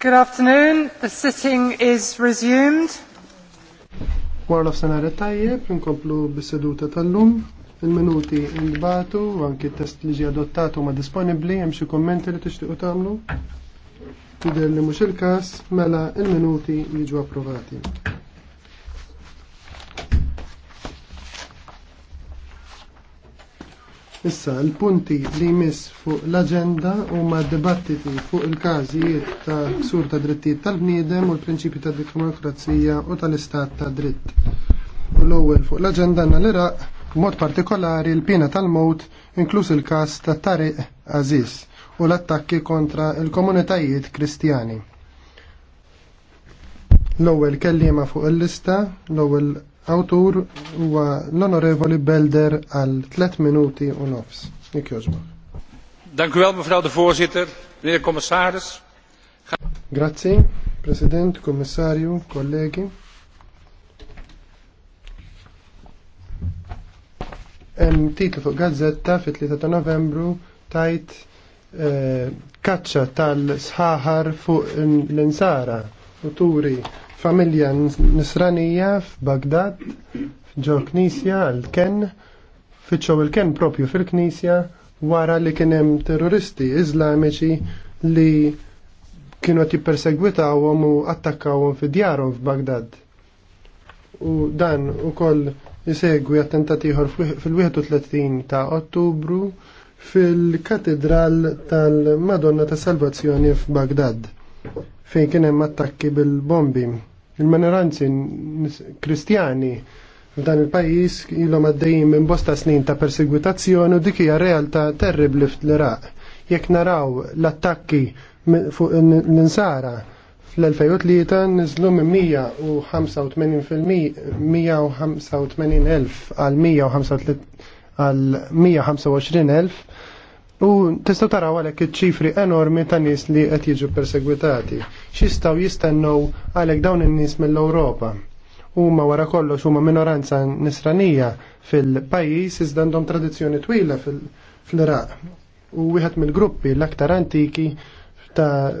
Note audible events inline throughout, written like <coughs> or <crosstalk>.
Good afternoon. The sitting is resumed. Warlof sanare tajjeb, inkomplu bis-seduta tal-lum. Il-minuti inbatu, anki t-test li ġi adottatu ma disponibli, hemm xi kommenti li tixtiequ tagħmlu? Tider li mhux il-każ mela il-minuti jiġu approvati. Issa, l-punti li jmiss fuq l-agenda huma dibattiti fuq il-każijiet ta' ksur ta' drittijiet tal-bniedem u l prinċipji ta' demokrazija u tal-istat ta' dritt. U L-ewwel fuq l-agenda għandna l-Iraq, b'mod partikolari l-pina tal-mowt, inkluż il-każ ta' Tariq Aziz u l-attakki kontra il-komunitajiet kristjani. L-ewwel kellima fuq il-lista, l-ewwel awtur huwa l-Onorevoli Belder għal 3 minuti u nofs. Nik jożbok. Dank u wel, mevrouw de voorzitter, meneer commissaris. Grazie, president, commissario, kollegi. Hemm titlu fuq gazzetta fit-3 ta' Novembru tajt kaċċa tal-sħaħar fuq l-insara u turi familja nisranija f'Bagdad ġo knisja l-ken fitxo il-ken propju fil-knisja wara li kienem terroristi iżlamiċi li kienu għati għom u attakkawhom fi djarhom f'Bagdad. U dan u koll jisegwi attentatiħor fil-31 ta' Ottubru fil-katedral tal-Madonna ta' Salvazzjoni f'Bagdad fejn kien hemm attakki bil-bombi. il maneranzi kristjani f'dan il-pajjiż ilhom għaddejjin minn bosta snin ta' persegwitazzjoni u dik hija realtà terribbli fl-Iraq. Jekk naraw l-attakki fuq l-insara fl-2003 niżlu minn 185 elf għal għal 125.000 u tistgħu taraw għalek iċ-ċifri enormi ta' nies li qed jiġu persegwitati. X'jistgħu jistennew għalek dawn in-nies mill-Ewropa. Huma wara kollox huma minoranza nisranija fil-pajjiż iżda għandhom tradizzjoni twila fil-Iraq. U wieħed mill-gruppi l-aktar antiki ta'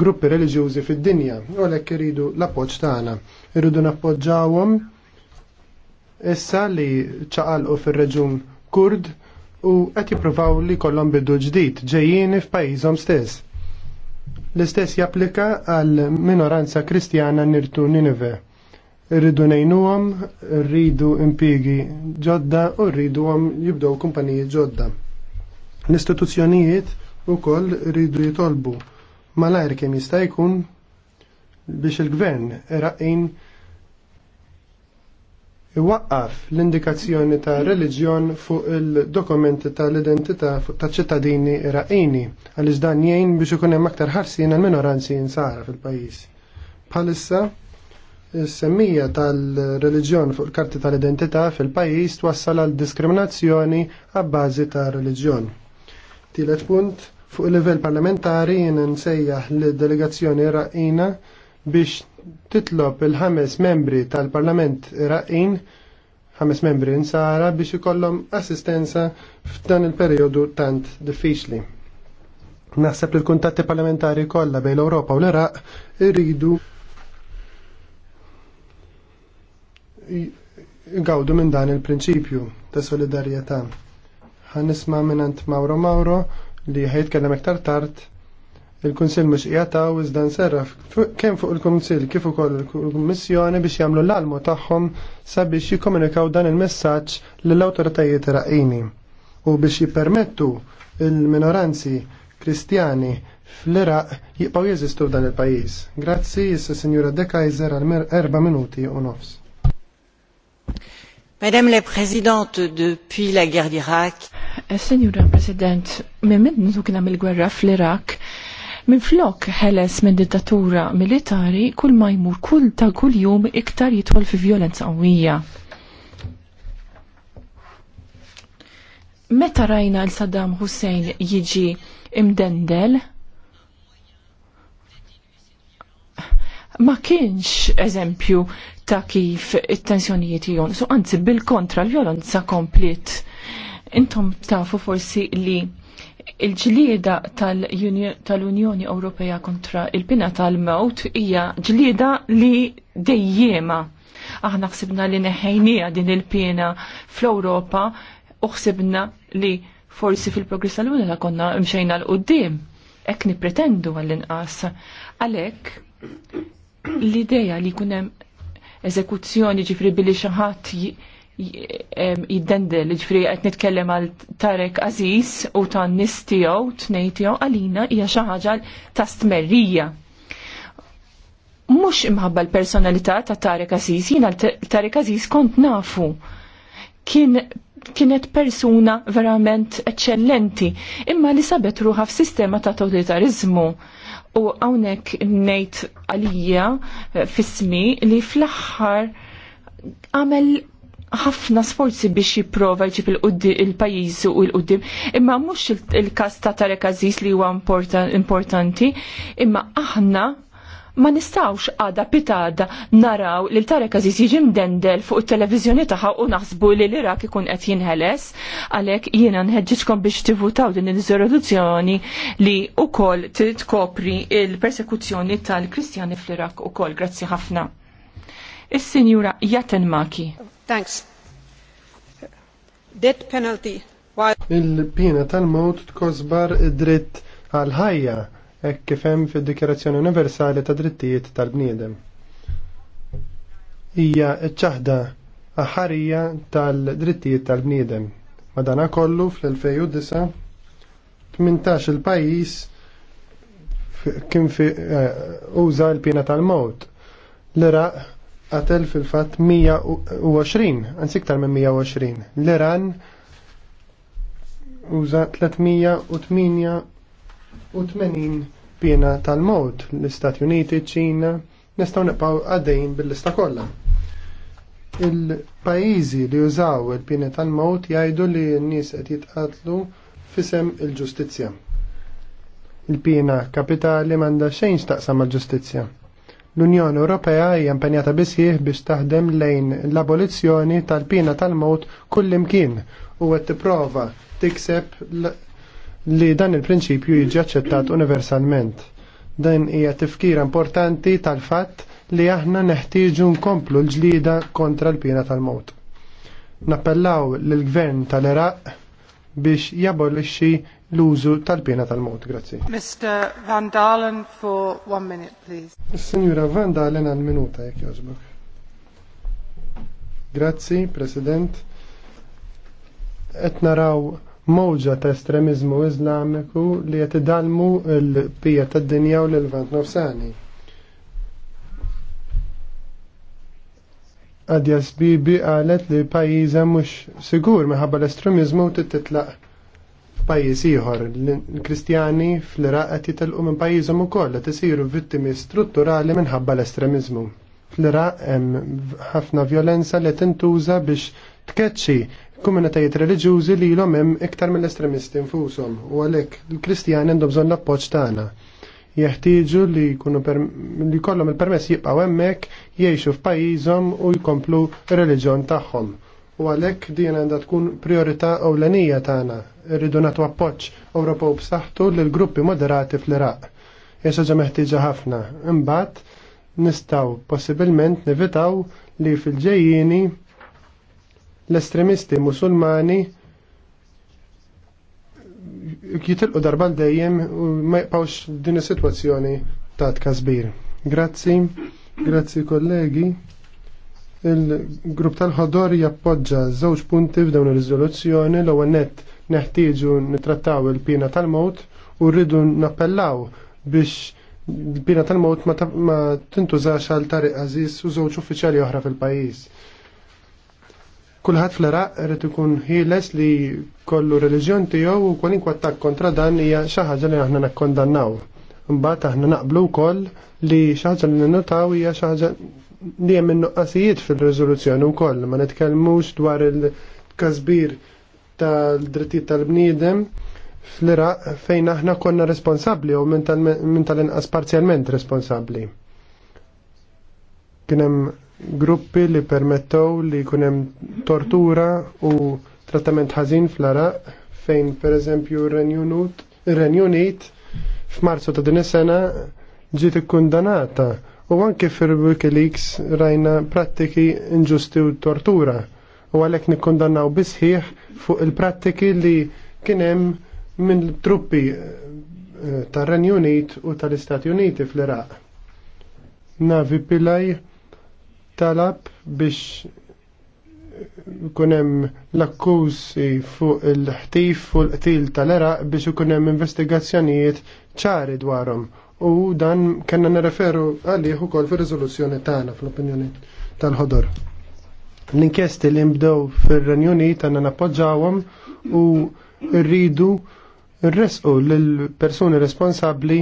gruppi reliġjużi fid-dinja, u għalhekk iridu l-appoġġ tagħna. Iridu nappoġġawhom issa li ċaqalqu fir-reġun Kurd u qed jippruvaw li kollhom bidu ġdid ġejjieni f'pajjiżhom stess. L-istess japplika għal minoranza kristjana nirtu Ninive. Rridu nejnuhom, rridu impigi ġodda u rriduhom jibdew kumpaniji ġodda. L-istituzzjonijiet ukoll rridu jitolbu malajr kemm jista' jkun biex il-gvern eraqin iwaqqaf l-indikazzjoni ta' reliġjon fuq il-dokumenti tal-identità ta' ċittadini iraqini għaliex dan jgħin biex ikun hemm aktar ħarsien għal minoranzi jinsara fil-pajjiż. Bħalissa is-semmija tal-reliġjon fuq il-karti tal-identità fil-pajjiż twassal għal diskriminazzjoni għabbażi ta' reliġjon. Tielet punt fuq il-livell parlamentari jien nsejjaħ l-delegazzjoni iraqina biex titlob il-ħames membri tal-Parlament Iraqin, ħames membri n-sara biex ikollhom assistenza f'dan il-perjodu tant diffiċli. Naħseb li l-kuntatti parlamentari kollha bejn l-Ewropa u l-Iraq irridu gawdu minn dan il-prinċipju ta' solidarjetà. Ħanisma' minant Mauro Mauro li ħajtkellem iktar tard Il-Kunsill mhux jgħataw iżdan serraf kemm fuq il-Kunsill kif ukoll il-Kummissjoni biex jagħmlu l-almu tagħhom sabiex jikkomunikaw dan il-messaġġ lill-awtoritajiet Iraqini u biex jippermettu il-minoranzi kristjani fl-Iraq jibqgħu jeżistu f'dan il-pajjiż. Grazzi issa Sinjura De Kaiser għal erba' minuti u nofs. Madame la Présidente, depuis la guerre d'Irak. Eh, Signora President, minn minn kien hemm il-gwerra fl-Irak, Minn flok ħeles minn dittatura militari kull ma jmur kull ta' kull jum iktar jitħol fi violenza qawwija. Meta rajna l Saddam Hussein jiġi imdendel, ma kienx eżempju ta' kif it-tensjonijiet jgħon. so, anzi bil-kontra l-violenza komplet. Intom tafu forsi li Il-ġlieda tal-Unjoni Ewropea kontra il-pina tal-mewt hija ġlieda li dejjema. Aħna ħsibna li neħejnija din il-pina fl-Ewropa u ħsibna li forsi fil-progress tal-Unjoni konna mxejna l-qoddim. Ek nipretendu għall-inqas. Għalek, l-ideja li kunem eżekuzzjoni ġifri billi xaħat jiddendel, ġifri għet nitkellem għal Tarek Aziz u ta' nistijaw, t-nejtijaw, għalina hija xaħġa ta' stmerrija. Mux imħabba l-personalità ta' Tarek Aziz, jina Tarek Aziz kont nafu. Kien kienet persuna verament eccellenti, imma li sabet ruħaf f'sistema ta' totalitarizmu. U għawnek nejt għalija eh, fismi li fl-axħar għamel ħafna sforzi biex jipprova jġib il-pajjiż u l-qudiem, imma mhux il-każ ta' Tarek Aziz li huwa importanti, imma aħna ma nistawx għada pitada naraw li l-Tarek Aziz jiġi mdendel fuq il-televizjoni taħħa u naħsbu li l-Irak ikun qed jinħeles, għalhekk jiena nħeġġitkom biex tivutaw din il-riżoluzzjoni li ukoll titkopri il-persekuzzjoni tal-Kristjani fl-Irak ukoll. Grazzi ħafna. Is-Sinjura Jaten Maki. Thanks. Death penalty Il-pina tal-mot tkosbar dritt għal-ħajja hekk kif hemm fid-Dikjerazzjoni Universali ta' Drittijiet tal-Bniedem. Hija ċaħda aħarija tal-drittijiet tal-bniedem. Madana kollu fl-2009 18 il-pajis kien fi eh, uża l-pina tal-mowt. L-Iraq qatel fil-fatt 120, anzi iktar minn 120. L-Iran uża 388 piena tal-mod l-Istati Uniti, ċina, nistgħu nipaw għaddejn bil-lista kollha. Il-pajjiżi li użaw il piena tal-mod jgħidu li n-nies qed jitqatlu fisem il-ġustizzja. il piena kapitali m'għandha xejn x'taqsam mal-ġustizzja L-Unjoni Ewropea hija impenjata bisħieħ biex taħdem lejn l-abolizzjoni tal-pina tal-mewt kullimkien u qed tipprova tikseb li dan il-prinċipju jiġi aċċettat universalment. Dan hija tifkira importanti tal-fatt li aħna neħtieġu nkomplu l-ġlida kontra l-pina tal-mewt. Nappellaw lill gvern tal-Iraq biex jabolixxi l-użu tal-pena tal-mod. Grazzi. Mr. Van Dalen for one minute, please. Signora Van Dalen għal minuta jekk jazbuk. Grazzi, President. Qed naraw mowġa ta' estremizmu iżlamiku li qed idalmu l-pija tad-dinja u l-Levant nofsani Għadja Sbibi qalet li pajizem mhux sigur minħabba l-estremizmu titlaq f'pajjiż ieħor. L-Kristjani fl-Iraq qed jitilqu minn pajjiżhom ukoll qed isiru vittimi strutturali minħabba l-estremizmu. Fl-Iraq hemm ħafna violenza li tintuża biex tkeċċi komunitajiet reliġjużi li l hemm iktar mill-estremisti nfushom u għalhekk il-Kristjani għandhom bżonn l-appoġġ tagħna jeħtieġu li jkunu li kollhom il-permess jibqgħu hemmhekk jgħixu f'pajjiżhom u jkomplu reliġjon tagħhom. U għalhekk din għandha tkun priorità ewlenija tagħna. Irridu nagħtu appoġġ Ewropew b'saħħtu lil gruppi moderati fl-Iraq. Hija ġa meħtieġa ħafna. Imbagħad nistgħu possibilment nevitaw li fil-ġejjieni l-estremisti musulmani jitilqu darba dejjem u ma jibqawx din is-sitwazzjoni ta' tkasbir. Grazzi, grazzi kollegi. Il-grupp tal-ħodor jappoġġa żewġ punti f'dawn ir-riżoluzzjoni l-ewwel nett neħtieġu nitrattaw il-pina tal-mowt u rridu nappellaw biex il-pina tal-mowt ma tintużax għal tariq għażiż u żewġ uffiċjali oħra fil-pajjiż Kulħadd fl-Iraq irid ikun ħieles li kollu reliġjon tiegħu u kwalinkwa attakk kontra dan hija xi ħaġa li aħna nakkondannaw. Imbagħad aħna naqblu wkoll li xi ħaġa li ninnotaw hija xi ħaġa li hemm innuqqasijiet fil-riżoluzzjoni wkoll ma nitkellmux dwar il-każbir tal-drittijiet tal-bniedem fl-Iraq fejn aħna konna responsabbli u minn tal-inqas parzjalment responsabbli. Kien hemm gruppi li permettow li kunem tortura u trattament ħażin fl-Araq fejn per eżempju Renjunit f'Marzu ta' din is-sena ġiet ikkundanata u anke fil-Wikileaks rajna prattiki inġusti u tortura u għalhekk nikkundannaw bisħiħ fuq il-prattiki li kien hemm minn truppi eh, tar-Renju Unit u tal-Istati Uniti fl-Iraq. Navi Pillaj, talab biex kunem l akkusi fuq il-ħtif fuq l-qtil tal-eraq biex kunem investigazzjonijiet ċari dwarhom. U dan kena nirreferu għalih ukoll fir-riżoluzzjoni tagħna fl-opinjoni tal-ħodor. L-inkjesti li nbdew fir-Renju Unit napoġawom u rridu rresqu lill persuni responsabbli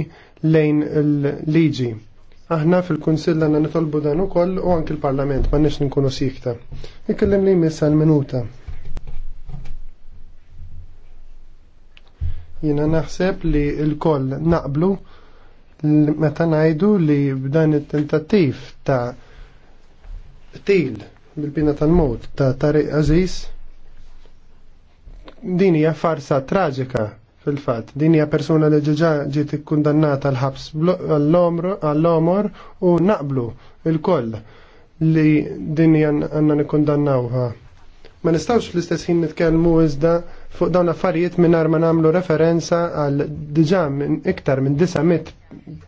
lejn il-liġi Aħna fil-Kunsill għanna nitolbu dan ukoll u anke l-Parlament ma nix nkunu sikta. Ikellem li jmiss l minuta Jiena naħseb li l-koll naqblu meta ngħidu li b'dan it-tentattiv ta' til bil-bina tal-mod ta' Tariq Aziz din hija farsa traġika fil-fat. Din hija persuna li ġiġa ġiet ikkundannata l-ħabs għall-omor u naqblu il-koll li din għanna nikkundannawha. Ma nistawx l-istess ħin nitkellmu iżda fuq dawn affarijiet mingħajr ma nagħmlu referenza għal diġà minn iktar minn 900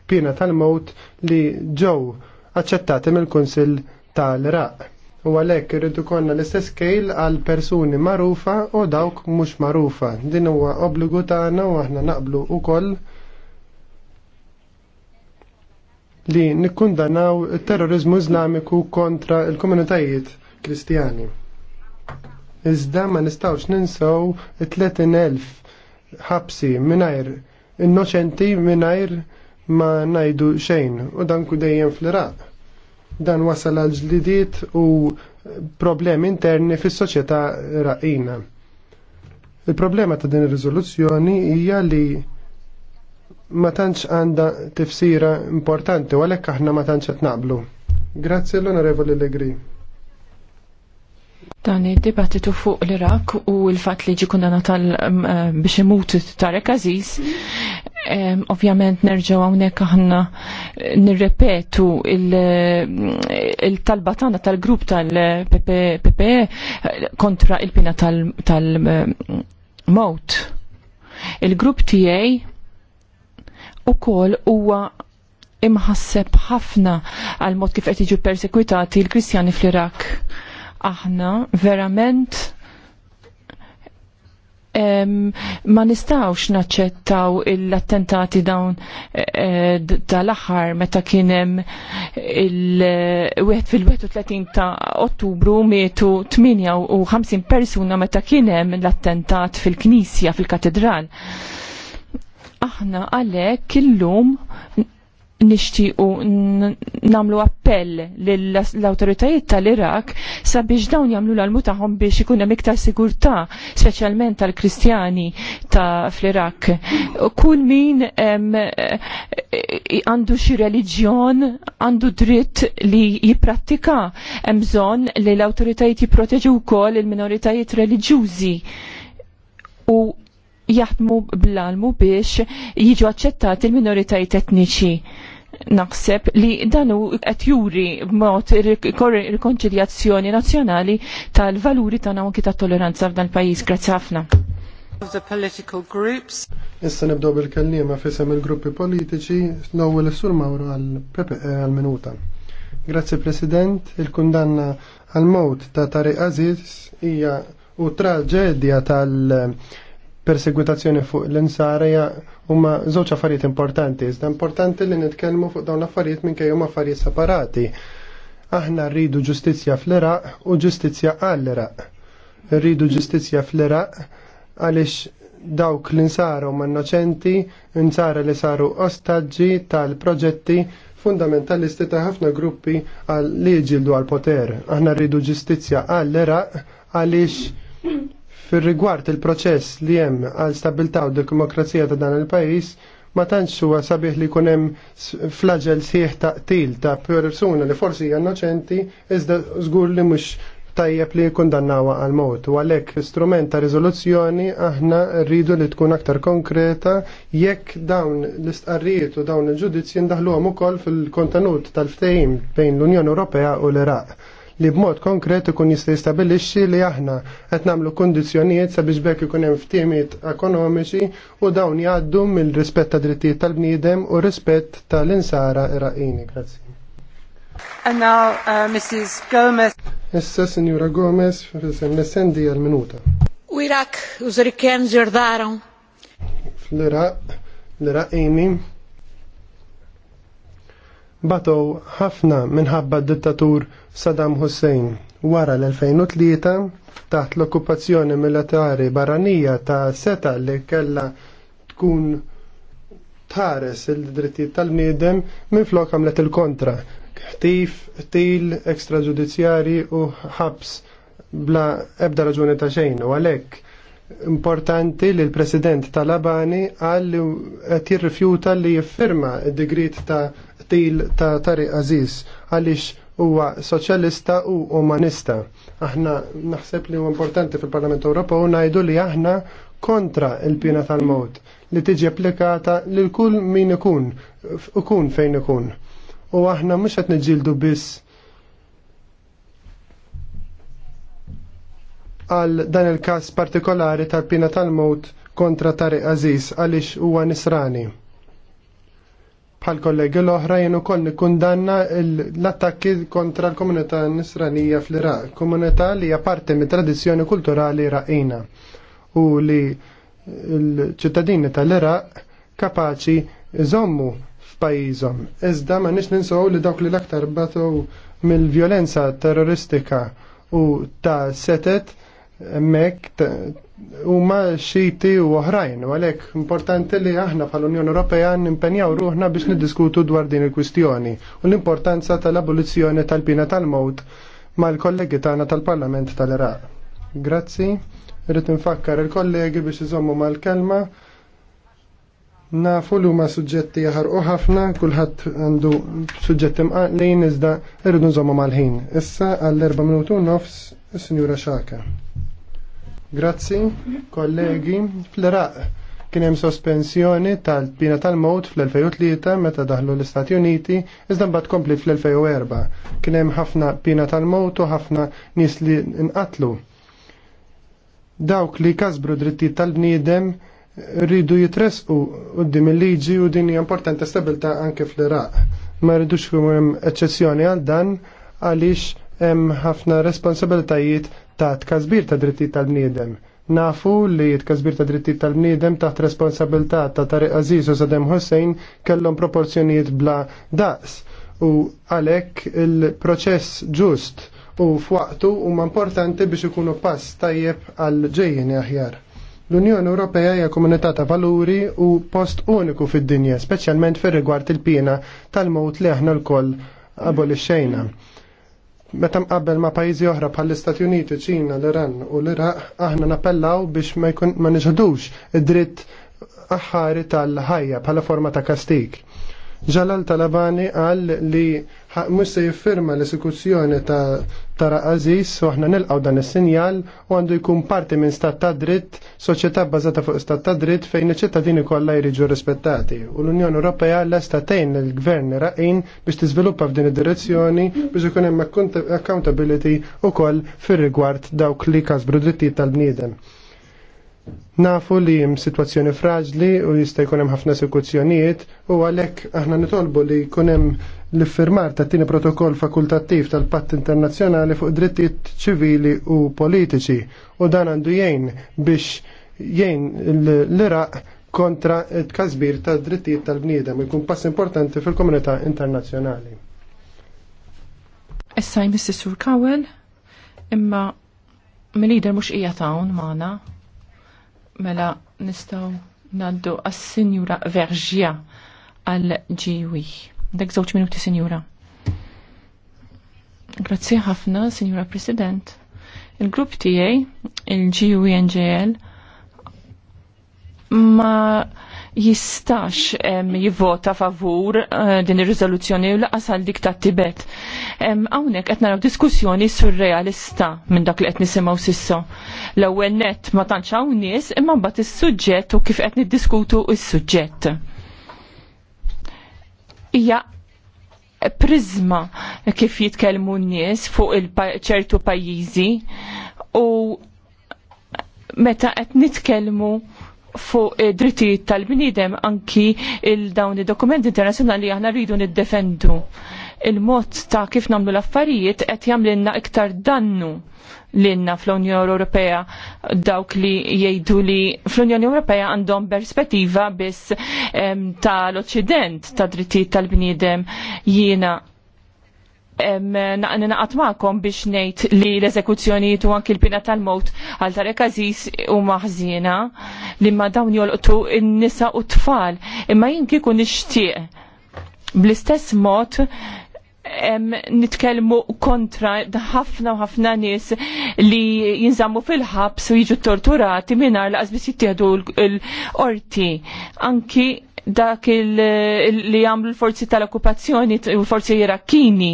pina tal-mowt li ġew aċċettati mill-Kunsill tal-Iraq. U għalhekk rridu konna l-istess kejl għal persuni magħrufa u dawk mhux magħrufa. Din huwa obbligu tagħna u aħna naqblu wkoll li nikkundanaw terrorizmu iżlamiku kontra l-komunitajiet kristjani. Iżda ma nistawx ninsaw 30.000 ħabsi mingħajr innoċenti mingħajr ma najdu xejn u dan dejjem fl-Iraq. Dan wasal għal ġlidiet u problemi interni fis soċjetà raqina. Il-problema ta' din ir-riżoluzzjoni hija li ma tantx għandha tifsira importanti u għalhekk aħna ma tantx qed naqblu. Grazzi l-Onorevoli Legri. Dan id-dibattitu fuq l-Irak u l-fat li ġi kundana tal eh, biex imut Tarek Aziz Ovvjament nerġgħu hawnhekk aħna nirrepetu il-talba tagħna tal-grupp tal-PPE e kontra il-pina tal-mowt. Il-grupp tiegħi ukoll huwa imħasseb ħafna għal mod kif qed jiġu persekwitati l-Kristjani fl-Irak. Aħna verament ma nistawx naċċettaw l-attentati dawn tal-aħħar e, meta kien hemm il 31 ta' Ottubru mietu 58 persuna meta kien hemm l-attentat fil-Knisja fil-Katedral. Aħna għalhekk illum nixtiequ namlu appell l-autoritajiet tal-Irak sabiex dawn jagħmlu l-almu tagħhom biex ikun hemm iktar sigurtà, speċjalment tal-Kristjani ta' fl-Irak. Kull min eh, għandu xi reliġjon għandu dritt li jipprattika hemm bżonn li l-awtoritajiet jipproteġu wkoll il-minoritajiet reliġjużi u jaħdmu bl-almu biex jiġu aċċettati il-minoritajiet etniċi naħseb li danu qed juri b'mod rikonċiljazzjoni nazzjonali tal-valuri tagħna anki tat-toleranza f'dan il-pajjiż. Grazzi ħafna. Issa nibdew bil kelliema fisem il-gruppi politiċi l-ewwel is-sur Mawru għall eh, għall-minuta. Grazzi President, il-kundanna għal mod ta' Tariq Aziz hija u traġedja tal- persegwitazzjoni fuq l-insarja huma żewġ affarijiet importanti. Iżda importanti li nitkellmu fuq dawn l-affarijiet minkejja huma affarijiet separati. Aħna rridu ġustizzja fl-Iraq u ġustizzja għall-Iraq. Rridu ġustizzja fl-Iraq għaliex dawk l nsaru ma' innoċenti, nsara li saru ostaġġi tal-proġetti fundamentalisti ta' ħafna gruppi għal li jġildu għal-poter. Aħna rridu ġustizzja għall-Iraq għaliex fil rigward il-proċess li hemm għal stabilità u demokrazija ta' dan il-pajjiż, ma tantx huwa sabiħ li jkun hemm flagel sieħ ta' qtil ta' persuna li forsi hija innoċenti iżda żgur li mhux tajjeb li kundannawa għal mot u għalhekk strument ta' riżoluzzjoni aħna rridu li tkun aktar konkreta jekk dawn l-istqarrijiet u dawn il-ġudizzji ndaħluhom ukoll fil-kontenut tal-ftehim bejn l-Unjoni Ewropea u l-Iraq li b'mod konkret ikun jista' jistabilixxi li aħna qed nagħmlu kundizzjonijiet sabiex bekk ikun hemm ftimiet ekonomiċi u dawn jgħaddu mill-rispett ta' drittijiet tal-bniedem u rispett tal-insara iraqini. Grazzi. And now uh, Mrs. Gomez. Issa Signora Gomez, nessendi għal-minuta. U użrikem ġerdaron. Fl-Iraq, l-Iraqini, batow ħafna minħabba d-dittatur Saddam Hussein wara l-2003 taħt l-okkupazzjoni militari barranija ta' seta li kella tkun tħares il-drittijiet tal-bniedem minn flok għamlet il-kontra. Ħtif, til, ekstraġudizzjari u ħabs bla ebda raġuni ta' xejn u għalhekk importanti li l-President tal-Abani għal qed jirrifjuta li jiffirma d-digrit ta' qtil ta' Tariq Aziz għaliex huwa soċjalista u umanista. Aħna naħseb li huwa importanti fil-Parlament Ewropew ngħidu li aħna kontra il-pjena tal-mod li tiġi applikata lil kull min ikun, ikun fejn ikun. U aħna mhux qed niġġieldu biss għal dan il-każ partikolari tal pina tal-mod kontra Tariq Aziz għaliex huwa nisrani bħal kollegi l oħrajn jenu koll nikkundanna l-attakki kontra l-komunità nisranija fl-Iraq, komunità li hija parti mit tradizzjoni kulturali raqina u li l-ċittadini tal-Iraq kapaċi iżommu f'pajjiżhom. Iżda ma nix ninsaw li dawk li l-aktar batu mill-vjolenza terroristika u ta' setet mek huma xiti u oħrajn, u għalhekk importanti li aħna fal unjoni Ewropea nimpenjaw ruħna biex niddiskutu dwar din il-kwistjoni u l-importanza tal-abolizzjoni tal-pina tal-mowt mal-kollegi tagħna tal-Parlament tal-Iraq. Grazzi, rrid nfakkar il-kollegi biex iżommu mal-kelma. Nafu li huma suġġetti jaħarqu ħafna, kulħadd għandu suġġetti mqaqlin iżda rridu nżommu mal-ħin. Issa għall-erba' minutu nofs is-Sinjura Xaka. Grazzi, kollegi. Fl-Iraq kien hemm sospensjoni tal-pina tal mod fl-2003 meta daħlu l-Istati Uniti, iżda mbagħad kompli fl-2004. Kien hemm ħafna pina tal mod u ħafna nies li nqatlu. Dawk li kasbru drittijiet tal-bniedem rridu jitresqu qudiem il-liġi u din hija importanti stabilta anke fl-Iraq. Ma rridux hemm eċċezzjoni għal dan għaliex hemm ħafna responsabiltajiet ta' tkazbir ta' drittijiet tal-bniedem. Nafu li tkazbir ta' drittijiet tal-bniedem taħt responsabilità ta' Tariq Aziz u Saddam Hussein kellhom proporzjonijiet bla daqs u għalhekk il-proċess ġust u f'waqtu huma importanti biex ikunu pass tajjeb għal ġejjin aħjar. L-Unjoni Ewropea hija komunità ta' valuri u post uniku fid-dinja, speċjalment fir rigward il-pina tal mod li aħna lkoll abolixxejna. Meta mqabbel ma' pajjiżi oħra bħall-Istati Uniti, Ċina, l-Iran u l-Iraq, aħna napellaw biex ma jkun ma niġħdux id-dritt aħħari tal-ħajja bħala forma ta' kastik. Ġalal Talabani qal li mhux se jiffirma l-esekuzzjoni ta' Tara Aziz u aħna nilqgħu dan is-sinjal u għandu jkun parti minn stat ta' dritt, soċjetà bbażata fuq stat ta' dritt fejn iċ-ċittadini kollha jriġu rispettati. U l-Unjoni Ewropea lesta tgħin lill-Gvern raqin biex tiżviluppa f'din id-direzzjoni biex ikun hemm accountability ukoll fir-rigward dawk li kasbru drittijiet tal-bniedem. Nafu li jim situazzjoni fraġli u jista' jkun hemm ħafna esekuzzjonijiet u għalhekk aħna nitolbu li jkun hemm l-iffirmar ta' tieni protokoll fakultattiv tal-Patt Internazzjonali fuq drittijiet ċivili u politiċi u dan għandu jgħin biex jgħin l-Iraq kontra t-kazbir ta' drittijiet tal-bniedem jkun pass importanti fil-komunità internazzjonali. Issa Mr. Sur Kawel imma mill-lider mhux ta' hawn magħna Mela nistaw naddu għas-Sinjura Verġja għal-ġiwi. Dek żewġ minuti, Sinjura. Grazzi ħafna, Sinjura President. Il-grupp tiegħi, il-GUNJL, ma' jistax jivvota favur eh, din ir-riżoluzzjoni u laqas għal dik ta' Tibet. Hawnhekk qed naraw diskussjoni surrealista minn dak li qed nisimgħu sissa. L-ewwel nett ma tantx hawn nies imma mbagħad is-suġġett u kif qed niddiskutu s suġġett Hija prizma kif jitkellmu n-nies fuq il-ċertu pajjiżi u meta qed nitkellmu fuq eh, drittijiet tal-bnidem anki il-dawn id-dokumenti internazzjonali aħna rridu niddefendu. Il-mod ta' kif namlu l-affarijiet qed jagħmlilna iktar dannu l-inna fl-Unjoni Ewropea dawk li jgħidu li fl-Unjoni Ewropea għandhom perspettiva biss tal-Occident ta' drittijiet tal-bniedem jiena naqat maqom biex nejt li l ezekuzzjoni u anki l-pina tal-mot għal tarek aziz u maħzina li ma dawn jolqtu n-nisa u tfal imma jinki kun ixtieq bl-istess mod nitkelmu kontra ħafna u ħafna nies li jinżammu fil-ħabs u jiġu torturati minar l biss jittieħdu l-orti. Anki dak li jagħmlu l-forzi tal-okkupazzjoni u l-forzi irakkini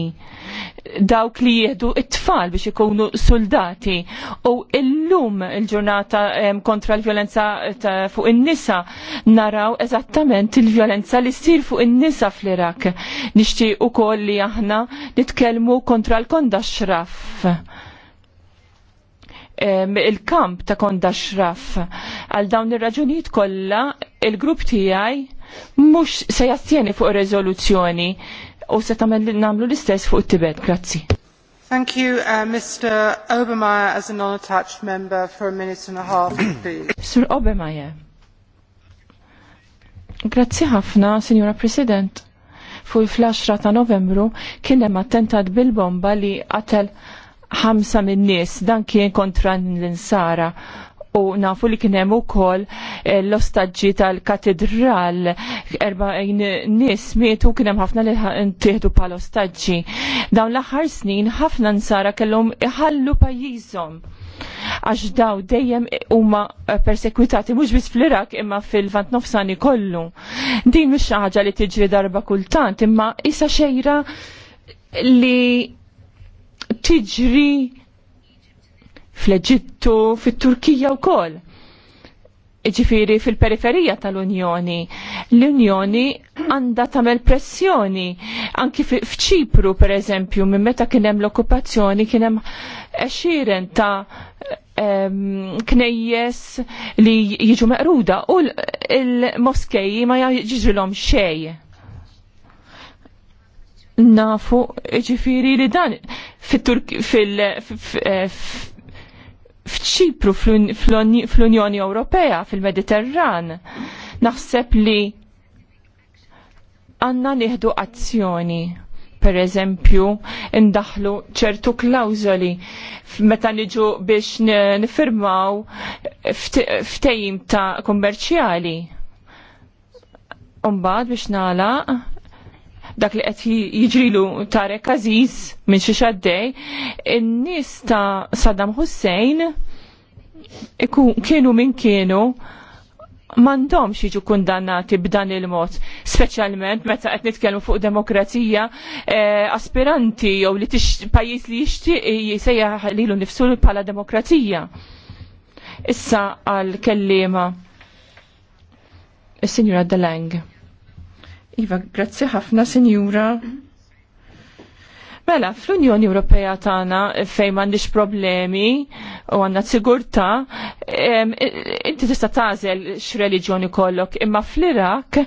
dawk li jieħdu it-tfal biex ikunu soldati u illum il-ġurnata kontra l-violenza fuq in-nisa naraw eżattament il-violenza li ssir fuq in-nisa fl-Irak. Nixtieq ukoll li aħna nitkellmu kontra l-konda xraf il-kamp ta' konda xraf. Għal dawn ir raġunijiet kollha il-grupp tiegħi mhux se jastieni fuq ir u se tagħmel nagħmlu l-istess fuq it-Tibet. Grazzi. Thank you, uh, Mr. Obermeyer, as a non-attached member for a minute and a half, <coughs> please. Sir Obermeyer. Grazzi ħafna, Signora President. Fu fl-10 ta' Novembru kien hemm attentat bil-bomba li qatel ħamsa min nies dan kien kontra l-insara u nafu li kienem u kol eh, l-ostaġġi tal-katedral erba'jn nis mietu kienem ħafna li ntieħdu pal ostaġġi Dawn l-aħħar snin ħafna nsara kellhom iħallu pajjiżhom għax daw dejjem huma persekwitati mhux biss fl-Irak imma fil-Vant Nofsani kollu. Din mhux ħaġa li tiġri darba kultant imma issa xejra li tiġri fl-Eġittu, fit-Turkija wkoll. Iġifiri fil-periferija tal-Unjoni. L-Unjoni għandha tagħmel pressjoni. Anki f'Ċipru, per eżempju, minn meta kien hemm l-okkupazzjoni kien hemm għexieren ta' knejjes li jiġu meqruda u l-moskeji ma jiġilhom xej. Nafu ġifiri li dan fil-Turkija eh, f'ċipru fl-Unjoni Ewropea, fil-Mediterran. Naħseb li għanna nieħdu azzjoni. Per eżempju, indaħlu ċertu klawżoli meta niġu biex nifirmaw ftejim ta' kummerċjali. Umbad biex nalaq dak li qed jiġrilu Tarek Aziz minn xi xaddej, in-nies ta' Saddam Hussein kienu minn kienu mandom jiġu kundannati b'dan il-mod, speċjalment meta qed nitkellmu fuq demokrazija, eh, aspiranti jew li pajjiż li jixtieq jsejjaħ lilu nifsu bħala demokrazija. Issa għal kellima. Is-Sinjura Delang. Iva, grazzi ħafna, senjura. Mela, fl-Unjoni Ewropea tagħna fejn m'għandix problemi u għandna sigurtà, inti tista' tagħżel x'reliġjoni kollok, imma fl-Irak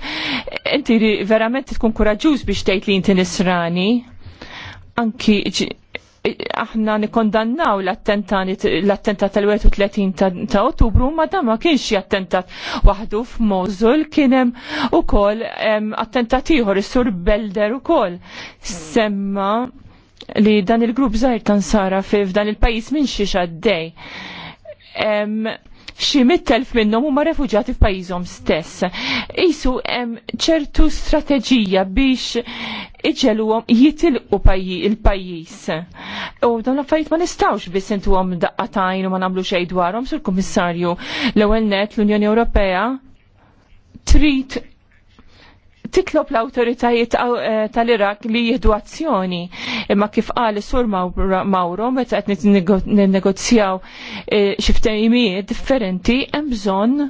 inti verament tkun kuraġuż biex tgħid li inti nisrani. Anki aħna nikondannaw l-attentat tal-31 ta' ottubru ma da ma kienx attentat waħdu f'Mosul kienem u kol attentat ieħor is-sur Belder u kol semma li dan il-grupp zaħir tansara fi f'dan il-pajis minn xiex għaddej xi mittelf minnhom huma refuġjati f'pajjiżhom stess. Isu hemm ċertu strateġija biex iġeluhom jitilqu il-pajjiż. U dawn l-affarijiet ma nistgħux biss intuhom tajn u ma nagħmlu xejn dwarhom sur Kummissarju l-ewwel net l-Unjoni Ewropea trid titlob l-autoritajiet eh, tal-Irak li jihdu azzjoni. Imma kif qal sur Mawro, meta qed negozjaw eh, xiftejmijiet differenti, hemm bżonn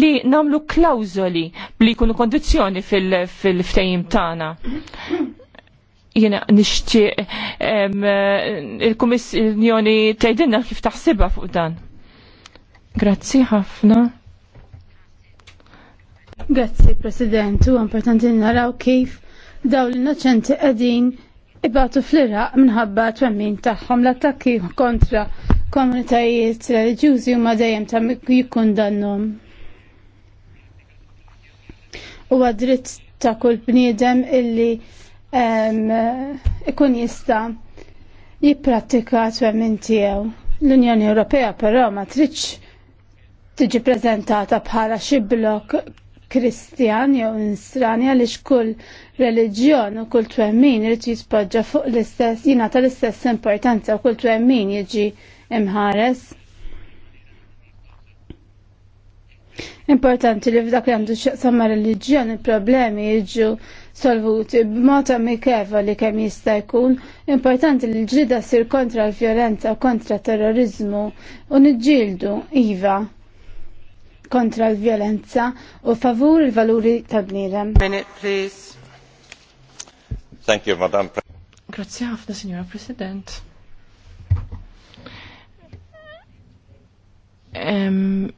li namlu klawżoli li jkunu kondizzjoni fil-ftejim tagħna jena nixtieq il-Kummissjoni tgħidilna kif taħsibha fuq dan. Grazzi ħafna. Grazzi, President, u importanti naraw kif daw l-innoċenti qegħdin ibatu fl-Iraq minħabba twemmin tagħhom l-attakki kontra komunitajiet reliġjużi huma dejjem ta' jikkundannhom. Huwa dritt ta' kull bniedem illi ikun jista' jipprattika twemmin tiegħu. L-Unjoni Ewropea però ma tridx tiġi prezentata bħala xi blok kristjan jew nisrani għaliex kull reliġjon u kull twemmin irid jispoġġa fuq l-istess jingħata l-istess importanza u kull twemmin jiġi imħares. Importanti li f'dak li għandu x'aqsam ma' religjon il-problemi jiġu solvuti b'mod amikevoli kemm jista' jkun. Importanti li l-ġlida sir kontra l-vjolenza u kontra terrorizmu u niġġieldu iva kontra l-violenza u favur il-valuri ta' bniedem Thank you, Madam President. Grazie ħafna, Signora President. Um,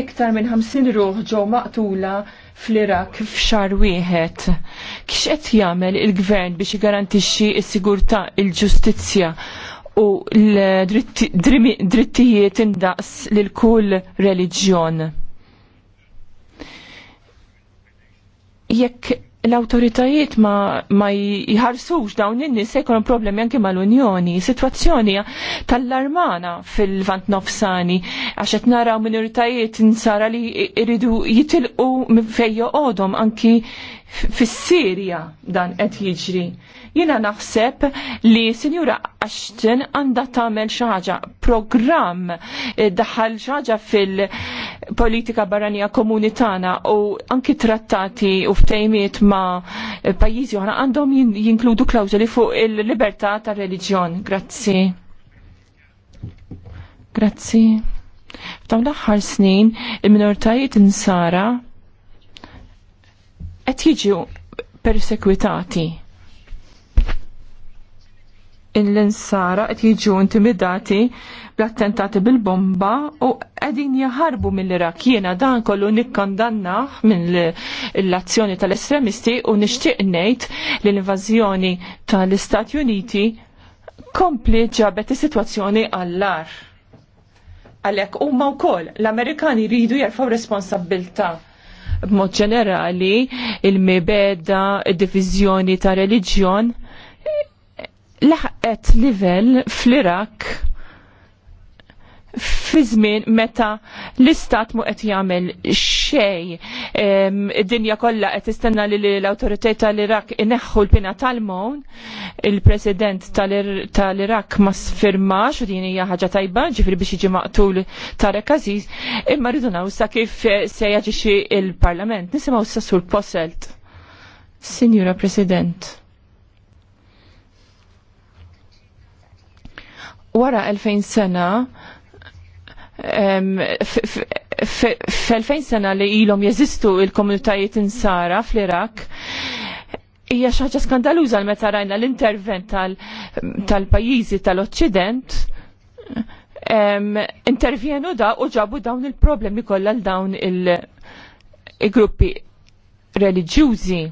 iktar minn 50 ruħ ġew maqtula fl-Irak f'xar wieħed. Kix qed jagħmel il-gvern biex jgarantixxi s-sigurtà il-ġustizzja il ġustizzja u l-drittijiet indaqs lil kull reliġjon. Jekk l-autoritajiet ma, ma jħarsux dawn in-nies se jkollhom problemi anke mal-Unjoni. Sitwazzjoni tal-armana fil-Vant Nofsani għax qed naraw minoritajiet insara li jridu jitilqu fejn joqogħdhom anki fis-Sirja dan qed jiġri. Jiena naħseb li Sinjura Ashton għandha tagħmel xi ħaġa programm eh, daħal xi ħaġa fil-politika barranija komuni tagħna u anki trattati u ftejmiet ma' pajjiżi oħra għandhom jinkludu klawżoli fuq il-libertà tar-reliġjon. Grazzi. Grazzi. F'dawn l-aħħar snin il-minoritajiet insara qed jiġu persekwitati. Il-insara qed jiġu intimidati bl-attentati bil-bomba u qegħdin jaħarbu mill-Irak. Jiena dan kollu nikkondannah minn l-azzjoni tal-estremisti u nixtieq ngħid li l-invażjoni tal-Istati Uniti kompli ġabet is-sitwazzjoni għall ar Għalhekk huma wkoll l-Amerikani jridu jerfgħu responsabilta' b'mod ġenerali il-mibeda, id-diviżjoni ta' reliġjon laħqet livell fl-Irak fi żmien meta l-istat mu qed jagħmel xej. Id-dinja kollha qed tistenna li l awtorità tal-Irak ineħħu l-pina tal-mowt. Il-President tal-Irak ma sfirmax u din hija ħaġa tajba, ġifieri biex jiġi maqtul Tarek Aziz, imma rridu sa kif se jaġixi il-Parlament. Nisimgħu sa sur Poselt. Signora President. Wara 2000 sena f-2000 sena li ilhom jeżistu il-komunitajiet insara fl-Irak, hija xi ħaġa skandaluża meta rajna l-intervent tal-pajjiżi tal-Occident intervjenu da u ġabu dawn il-problemi kollha l dawn il-gruppi reliġjużi.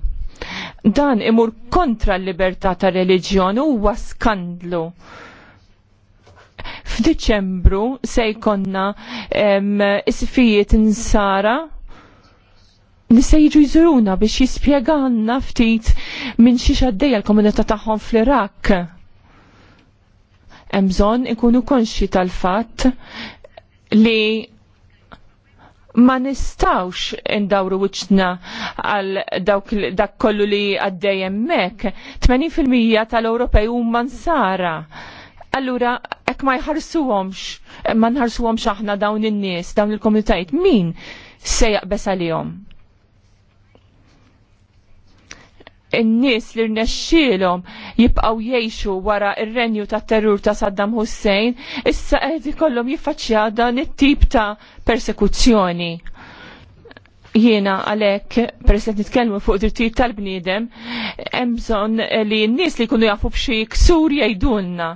Dan imur kontra l-libertà ta' reliġjon huwa skandlu F'Diċembru se jkonna isifijiet insara li se jiġu jżuruna biex jispjeganna ftit minn xi għaddejja l-komunità tagħhom fl-Irak. Hemm bżonn ikunu konxi tal-fatt li ma nistawx indawru wiċċna għal dawk dak kollu li tmenin fil 80% tal-Ewropej huma nsara. Allura, ek ma jħarsuhomx, ma nħarsuhomx aħna dawn in-nies, dawn il komunitajt min se li għalihom? In-nies li rnexxielhom jibqgħu jgħixu wara r-renju tat terrur ta' Saddam Hussein, issa qed ikollhom jiffaċċja dan it-tip ta' persekuzzjoni jiena għalek, peress qed nitkellmu fuq drittijiet tal-bniedem, hemm bżonn li n-nies li jkunu jafu b'xi ksur jgħidulna.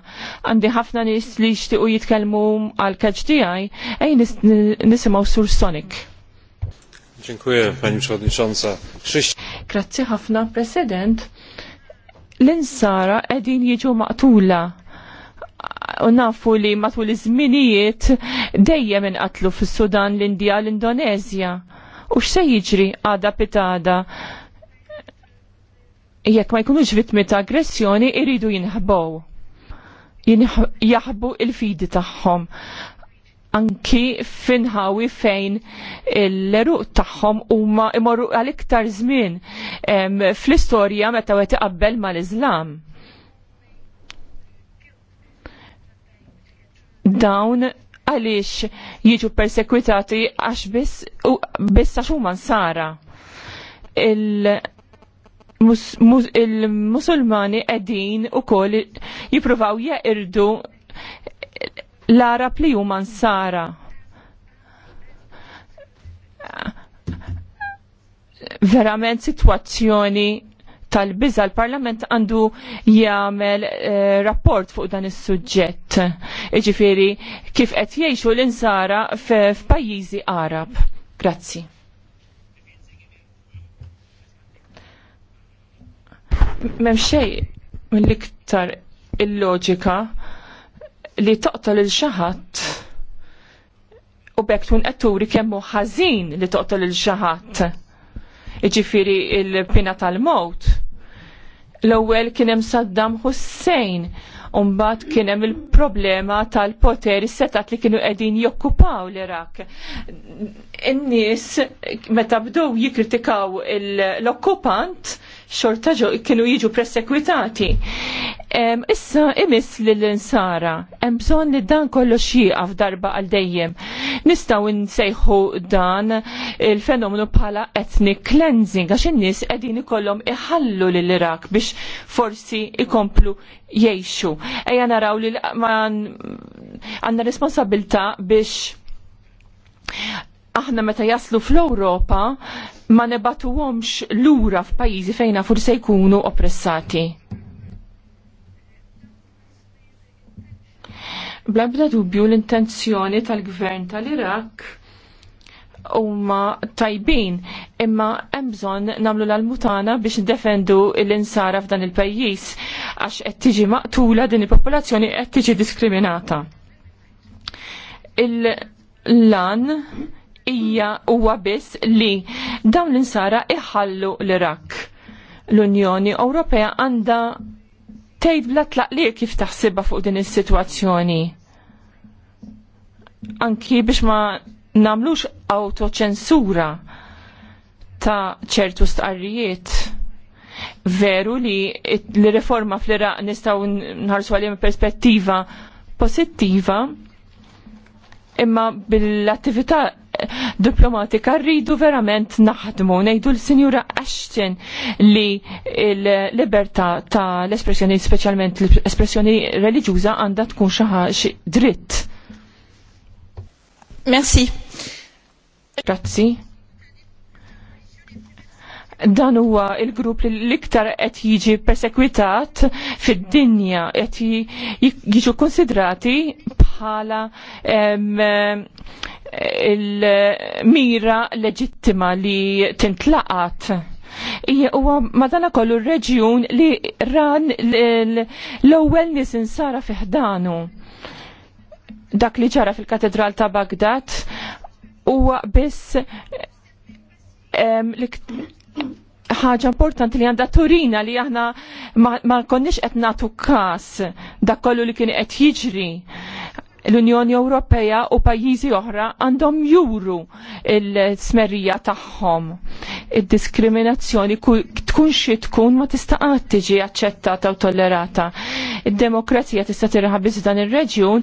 Għandi ħafna nies li jixtiequ jitkellmu għal kaġ tiegħi, ej nisimgħu sur Sonic. Dziękuję, pani przewodnicząca. Grazzi ħafna, president. L-insara qegħdin jiġu maqtula u nafu li matul iż-żminijiet dejjem inqatlu fis-Sudan, l-Indja, l-Indonezja. l indja l indonezja l indonezja u x'se jiġri għada pitada jekk ma jkunux vittmi ta' aggressjoni iridu jinħbow jaħbu il-fidi tagħhom anki finħawi fejn l-eruq tagħhom huma imorru għal iktar żmien fl-istorja meta wet iqabbel mal-Iżlam. Dawn għalix jiġu persekwitati għax biss għax huma nsara. Il-Musulmani qegħdin ukoll jippruvaw jeqirdu l-Arab li huma nsara. Verament sitwazzjoni tal-biża l-Parlament għandu jagħmel eh, rapport fuq dan is-suġġett. Iġifieri kif qed jgħixu l-insara f'pajjiżi Arab. Grazzi. Mem xej mill-iktar il-loġika li toqtol il-xaħat u bekk tkun qed turi kemm ħażin li toqtol il-xaħat ġifiri il-pina tal-mot. L-ewwel kien hemm Saddam Hussein Umbat kien hemm il-problema tal-poteri setat li kienu qegħdin jokkupaw l-Irak. In-nies meta bdew jikkritikaw l-okkupant xorta kienu jiġu persekwitati. Issa imis li l-insara, hemm bżonn li dan kollu xieqa f'darba għal dejjem. Nistgħu nsejħu dan il-fenomenu bħala ethnic cleansing għax in-nies qegħdin ikollhom iħallu l Irak biex forsi ikomplu jgħixu. Ejja naraw li għandna responsabilta biex aħna meta jaslu fl-Ewropa ma nebatuhomx lura f'pajjiżi fejna forse jkunu oppressati. Bla bla dubju l-intenzjoni tal-gvern tal-Irak huma tajbin, imma hemm bżonn nagħmlu l almutana biex defendu l-insara f'dan il-pajjiż għax qed tiġi maqtula din il-popolazzjoni qed tiġi diskriminata. Il-lan hija huwa biss li dawn l-insara iħallu l-Irak. L-Unjoni Ewropea għandha tgħid bla tlaqliq kif taħsibba fuq din is-sitwazzjoni. Anki biex ma namlux autoċensura ta' ċertu stqarrijiet. Veru li l-reforma fl-Iraq nistaw nħarsu għalim perspettiva pozittiva, imma bil-attività diplomatika rridu verament naħdmu ngħidu l-Sinjura Ashton li l-libertà ta' l-espressjoni speċjalment l-espressjoni reliġjuża għandha tkun xi dritt. Merci. Grazzi dan huwa il-grupp li l-iktar qed jiġi persekwitat fid-dinja qed jiġu konsidrati bħala il-mira leġittima li tintlaqat. Huwa madana kollu reġjun li ran l-ewwel nies insara fiħdanu. Dak li ġara fil-katedral ta' Bagdad huwa biss ħaġa importanti li għandha Turina li aħna ma, ma konniex qed nagħtu każ dak kollu li kien qed jiġri l-Unjoni Ewropea u pajjiżi oħra għandhom juru l-smerrija tagħhom. Id-diskriminazzjoni tkun xi tkun ma tista' tiġi aċċettata u tollerata. Id-demokrazija tista' tirħabbiż dan ir-reġjun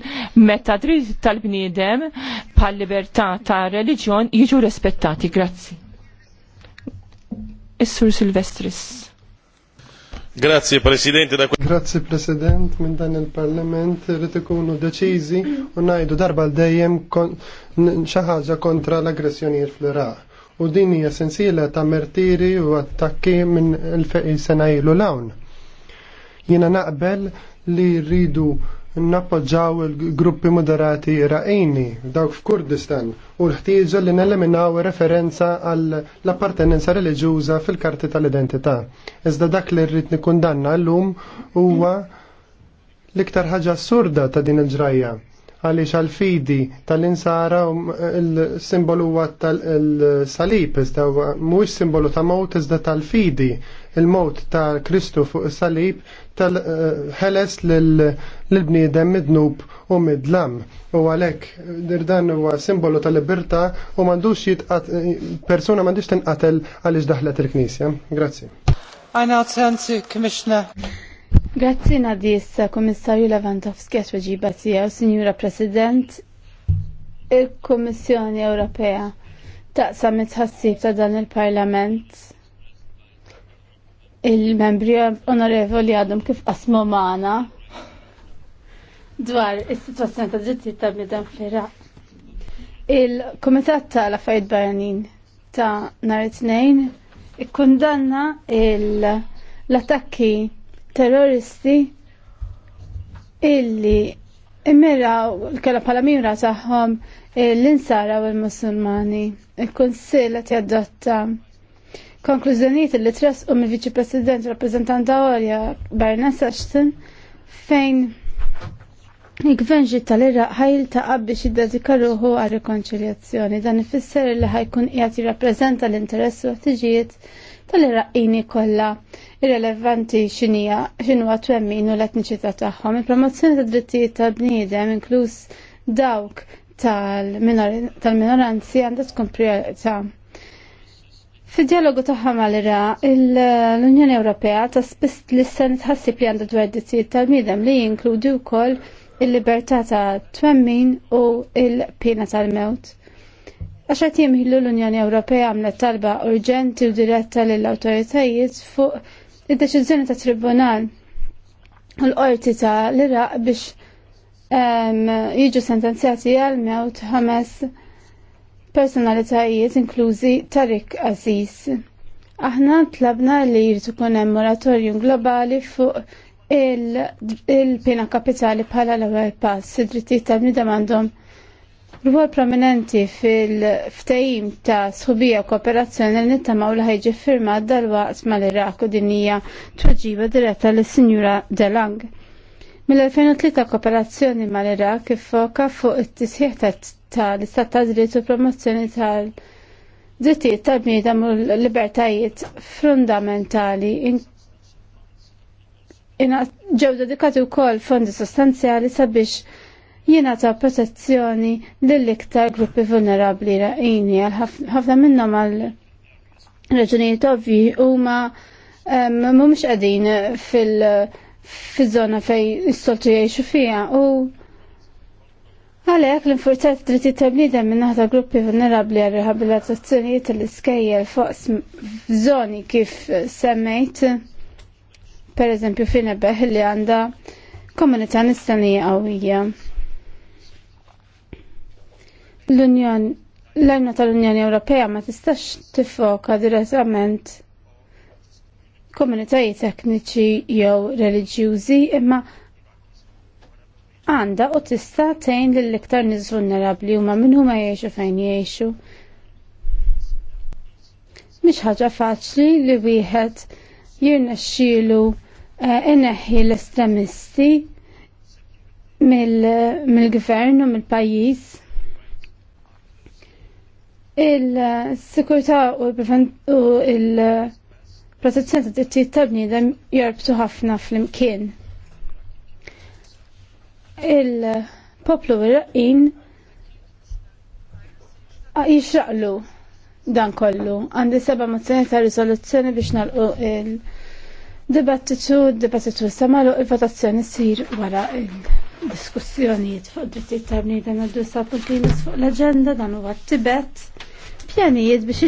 meta dritt tal-bniedem bħal libertà ta' reliġjon jiġu rispettati. Grazzi. Is-Sur Silvestris. Grazie Presidente. Da... Grazie President, minn dan il-Parlament rrit ikunu deċiżi u ngħidu darba l dejjem xi ħaġa kontra l-aggressjonijiet fl-Iraq. U din hija sensiela ta' mertiri u attakki minn il-feqi sena ilu l awn Jiena naqbel li rridu nappoġġaw il-gruppi moderati raqini dawk f'Kurdistan u l-ħtieġa li neliminaw referenza għall appartenenza reliġjuża fil-karti tal-identità. Iżda dak li rrid nikundanna llum huwa l-iktar ħaġa assurda ta' din il-ġrajja għaliex għal-fidi tal-insara um, il-simbolu huwa tal-salib, iżda mhuwiex simbolu ta' mowt iżda tal-fidi, il-mowt ta' Kristu fuq salib tal-ħeles lill-bniedem mid-nub u midlam. U għalhekk dirdan huwa simbolu tal-libertà u m'għandux jitqat persuna m'għandix tinqatel għaliex daħlet il-Knisja. Grazzi. I now turn to Commissioner. Grazzi Nadis, issa Komissarju Lewandowski għax weġiba tiegħu, Signora President, il-Kummissjoni Ewropea taqsam it-ħassib ta' dan il-Parlament il-membri onorevoli għadhom kif qasmu dwar is-sitwazzjoni ta' drittijiet ta' bniedem fl-Iraq. Il-Kumitat tal-Affarijiet Barranin ta' nhar it-tnejn ikkundanna l-attakki terroristi illi immiraw kella bħala mira tagħhom l-insara u l-musulmani. Il-Kunsill qed jadotta konklużjonijiet li u mil viċi President rappreżentant għorja Barnes Ashton fejn il-gvern ġit tal-Iraq ħajltaqab biex jiddedika ruħu għal rekonċiljazzjoni. Dan ifisser li ħajkun qiegħed jirrappreżenta l-interess u tal-Iraqqini kollha irrelevanti xinija xinwa twemmin u l-etniċità tagħhom. Il-promozzjoni tad-drittijiet tal-bniedem inkluż dawk tal-minoranzi għandha tkun priorità. Fid-dialogu tagħha mal-Ira, l-Unjoni Ewropea ta' spist li sen tħassib li għandha dwar drittijiet tal-bniedem li jinkludi wkoll il-libertà ta' twemmin u il-pena tal-mewt. Għaxat qed jimħillu l-Unjoni Ewropea għamlet talba urġenti u diretta lill awtoritajiet fuq id-deċiżjoni ta' tribunal u l-qorti ta' l-Iraq biex jiġu sentenzjati għal mewt ħames personalitajiet inklużi Tariq Aziz. Aħna tlabna li jirtu hemm moratorium globali fuq il-pina kapitali bħala l-ewwel pass, id-drittijiet tal-bniedem għandhom Rwol prominenti fil-ftajim ta' sħubija kooperazzjoni li nittamaw li ħajġi firma dal-waqt mal-Iraq u dinija tuġiba diretta l sinjura Delang. Mill-2003 kooperazzjoni mal-Iraq ifoka fuq it-tisħiħ tal-istat ta' dritt u promozzjoni tal-drittijiet tal-bniedem u l-libertajiet fundamentali ġew dedikati wkoll fondi sostanzjali sabiex jiena ta' protezzjoni lill-iktar gruppi vulnerabli raqini għal ħafna minnhom għal ovvi ovvji huma mhumiex qegħdin fil- fiż-żona fejn s soltu jgħixu fiha u għalhekk l-infurzat dritti tablida minn ta' gruppi vulnerabli għal rehabilitazzjonijiet l-iskejjel fuq zoni kif semmejt, per eżempju fina beħ li għanda komunità nistanija għawija. L-Unjon, l-għajna tal-Unjoni Ewropea ma tistax tifoka direttament komunitajiet tekniċi jew reliġjużi imma għanda u tista tgħin lill iktar vulnerabli vulnerabbli huma minnu huma jgħixu fejn jgħixu. Mhix ħaġa faċli li wieħed jirnexxielu eh, ineħħi l-estremisti mill-gvern u mill-pajjiż. Il-sikurta u il-protezzjoni ta' diritti ta' bniedem jorbtu ħafna fl-imkien. Il-poplu ir-raqin jixraqlu dan kollu. Għandi seba mozzjoni ta' risoluzzjoni biex nalqu il-dibattitu, dibattitu samalu il-votazzjoni sir wara il-diskussjonijiet fuq drittijiet ta' bniedem għaddu sa' puntinis fuq l-agenda dan huwa Tibet pjanijiet biex